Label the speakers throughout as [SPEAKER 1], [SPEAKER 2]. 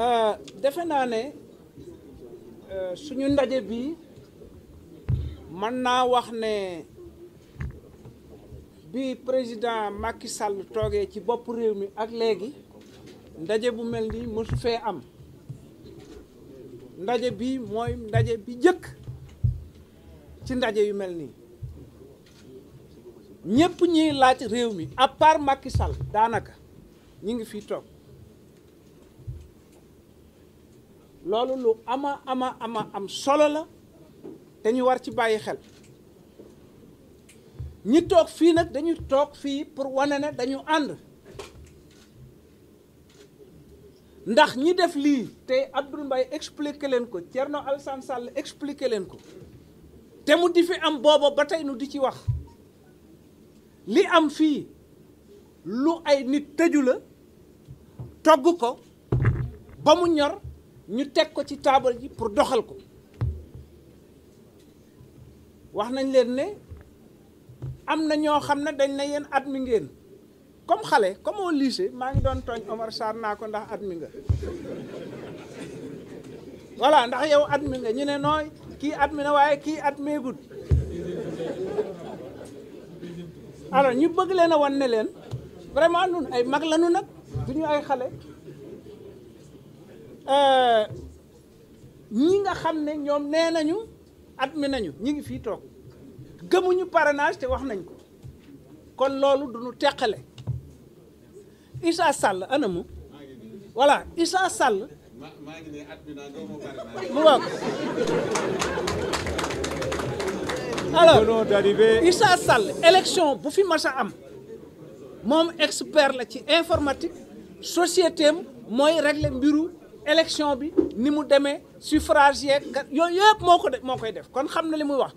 [SPEAKER 1] Euh, defe naa ne euh, suñu ndaje bi mën naa wax ne bi président Macky Sall toogee ci bopp réew mi ak léegi ndaje bu mel ni mësu fee am ndaje bi mooy ndaje bi jëkk ci ndaje yu mel nii ñëpp ñuy laaj réew mi à part daanaka ñu ngi fi toog loolu lu ama ama ama am solo la te ñu war ci bàyyi xel ñi toog fii nag dañu toog fii pour wane ne dañu ànd ndax ñi def lii te Abdoul Mbaye expliqué leen ko Thierno Alassane Sall expliqué leen ko te mu di fi am booba ba tey nu di ci wax li am fii lu ay nit tëju la togg ko ba mu ñor ñu teg ko ci taabal ji pour doxal ko wax nañ leen ne am na ñoo xam ne dañ na yéen at mi ngeen comme xale comme au lycée maa ngi doon tooñ Omar Sarr naa ko ndax at mi nga voilà ndax yow at mi nga ñu ne nooy kii at mi na waaye kii at meegut alors ñu bëgg leen a wan ne leen vraiment ñun ay mag lañu nag du ñu ay xale Euh, ñi nga xam ne ñoom nee nañu at mi nañu ñi ngi fii toog gëmuñu parenage te wax nañ ko kon loolu duñu teqale Issa Sall anamu voilà Issa Sall mu wax alors Issa Sall élection bu fi mas am moom expert la ci informatique société mooy régler mbiru élection bi ni mu demee suffrage yeeg yooyu yëpp moo ko def moo koy def kon xam na li muy wax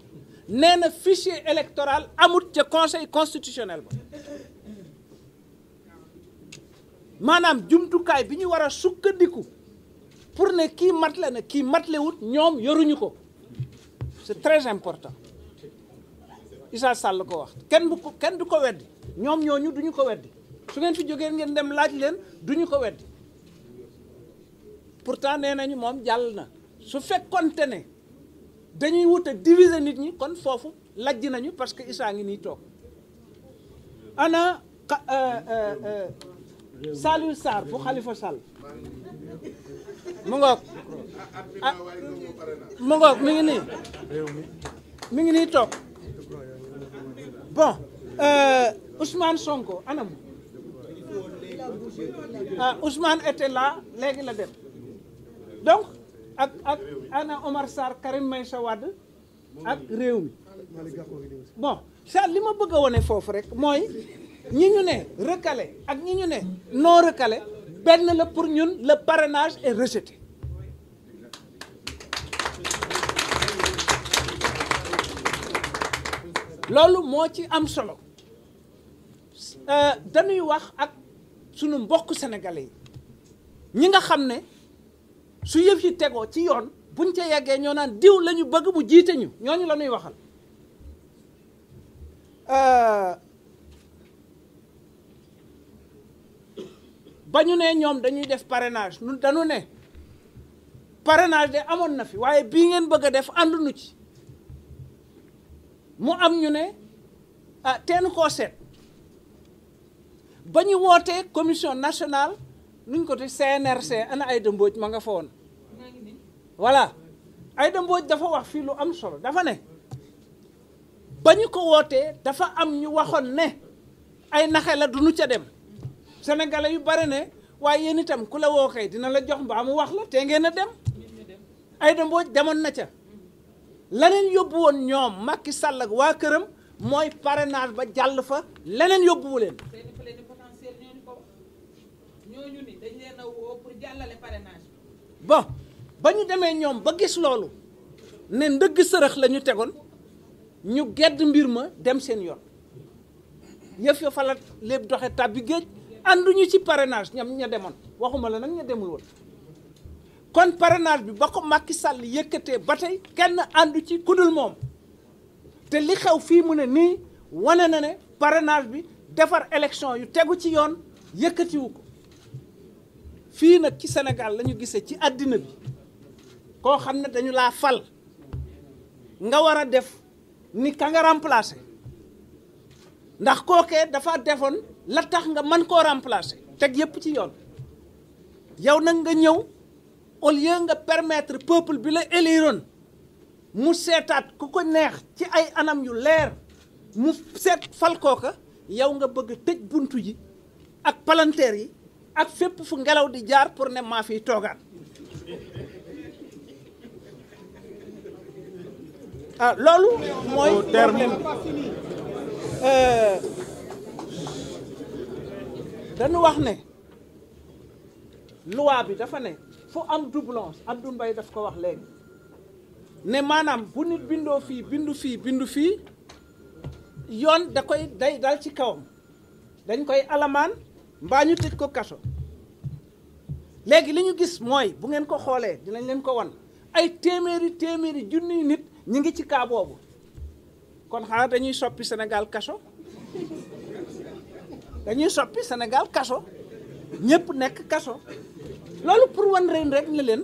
[SPEAKER 1] nee na fichier électoral amut ca conseil constitutionnel ba maanaam jumtukaay bi ñu war a sukkandiku pour ne kii mat matle na kii mat matlewut ñoom yoruñu ko c'est très important Issa Sall ko wax kenn bu ko kenn du ko weddi ñoom ñooñu duñu ko weddi su ngeen fi jógee ngeen dem laaj leen duñu ko weddi pourtant nee nañu moom jàll na su fekkonte ne dañuy wut a nit ñi kon foofu lajj nañu parce que Issa ngi nii toog ana euh, euh, euh, Saliou Sarr bu Khalifa Sall mu ngoog ah, mu mi ngi nii mi ngi nii toog bon Ousmane Sonko anam ah Ousmane était léegi la dem donc ak ak ana Omar Sarr Karim sa Wade ak réew mi bon ça li ma bëgg a wane foofu rek mooy ñi ñu ne recalé ak ñi ñu ne non recalé benn la pour ñun le parenage et rejeté loolu moo ci am solo euh, dañuy wax ak sunu mbokk sénégalais yi ñi nga xam ne su yëf yi tegoo ci yoon buñ ca yeggee ñoo naan diw la ñu bëgg mu jiite ñu ñooñu la ñuy waxal euh, ba ñu ne ñoom dañuy def parenage nu dañu ne parrainage de amoon na fi waaye bii ngeen bëgg a def àndunu ci mu am ñu ne ah koo seet ba ñu wootee commission nationale nuñ ko ti CNRC mm-hmm. ana ay Mbodj ma nga fa woon voilà Aïda Mbodj dafa wax fii lu am solo dafa ne ba ñu ko wootee dafa am ñu waxoon ne ay naxe la du nu ca dem sénégalais yu bare ne waaye yéen itam ku la woo kay dina la jox mbaa mu wax la tee ngeen a dem Aïda Mbodj demoon na ca leneen yóbbu woon ñoom Macky Sall waa këram mooy pare parrainage ba jàll fa leneen yóbbuwu leen ñooñu ni dañ leen a woo jàllale parrainage bon ba ñu demee ñoom ba gis loolu ne ndëgg sërëx la ñu tegoon ñu gedd mbir ma dem seen yoon yëf ya falat doxe tàbbi géej ànduñu ci parenage ñam ña demoon waxuma la nag ña demul kon parrainage bi ba ko Macky Sall yëkkatee ba tey kenn àndu ci kudul moom te li xew fii mu ne nii wane na ne parrainage bi defar élection yu tegu ci yoon yëkkatiwu ko fii nag ci senegal lañu gisee ci àddina bi koo xam ne dañu laa fal nga war a def ni ka nga remplacer ndax kookee dafa defoon la tax nga mën koo remplacer teg yépp ci yoon yow nag nga ñëw au lieu nga permettre peuple bi la éliroon mu seetaat ku ko neex ci ay anam yu leer mu seet fal kooka yow nga bëgg tëj buntu yi ak palanteer yi ak fépp fu ngelaw di jaar pour ne maa fiy toogaat ah, loolu mooy terme euh, wax ne loi bi dafa ne fu am doublon Abdou Mbaye daf ko wax léegi ne maanaam bu nit bindoo fii bindu fii bindu fii yoon da koy day dal ci kawam dañ koy alamaan mbaa ñu tëj ko kaso léegi li ñu gis mooy bu ngeen ko xoolee dinañ leen ko wan ay téeméeri téeméeri junniy nit ñu ngi ci kaa kon xanaa dañuy soppi Sénégal kaso dañuy soppi Sénégal kaso ñëpp nekk kaso loolu pour wan ren rek ne leen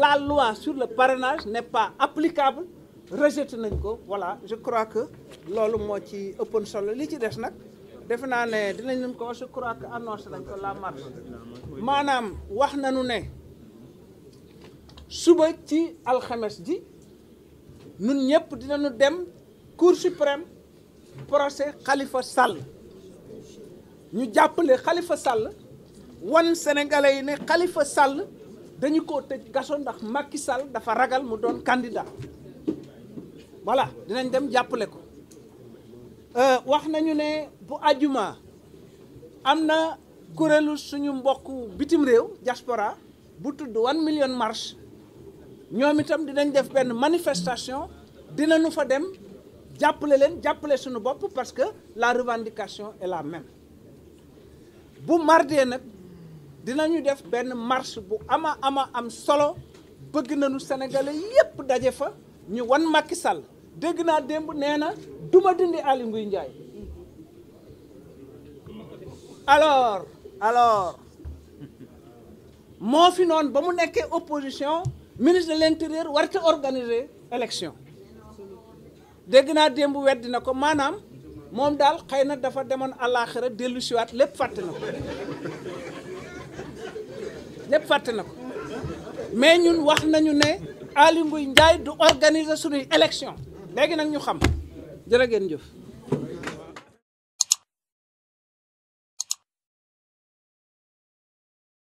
[SPEAKER 1] la loi sur le parrainage n'est pas applicable rejeté nañ ko voilà je crois que loolu moo ci ëppoon solo li ci des nag defe naa ne dinañ leen ko wax je crois que annoncé nañ ko la marche maanaam wax nañu ne suba ci alxames ji nun ñëpp dinañu dem cour suprême procès Khalifa Sall ñu jàppale xalifa Sall wan sénégalais yi ne Khalifa Sall dañu ko tëj kaso ndax makki Sall dafa ragal mu doon candidat voilà dinañ dem jàppale ko Euh, wax nañu ne bu àjjuma am na kuréelu suñu mbokk bitim réew diaspora bu tudd one million marche ñoom itam dinañ def benn manifestation dinañu fa dem jàppale leen jàppale suñu bopp parce que la revendication est la même bu mardee nag dinañu def benn marche bu ama ama am solo bëgg nañu sénégalais yépp daje fa ñu wan Macky Sall dégg naa démb nee na ma dindi Aly Ngouille Ndiaye alors alors moo fi noon ba mu nekkee opposition ministre de l'intérieur war ta organiser élection dégg naa démb weddi na ko maanaam moom daal xëy na dafa demoon àllaaxira dellu siwaat lépp fàtte na ko lépp fàtte na ko mais ñun wax nañu ne Aly Ngouille Ndiaye du organiser suñuy élection léegi nag ñu xam jërë ngeen jëf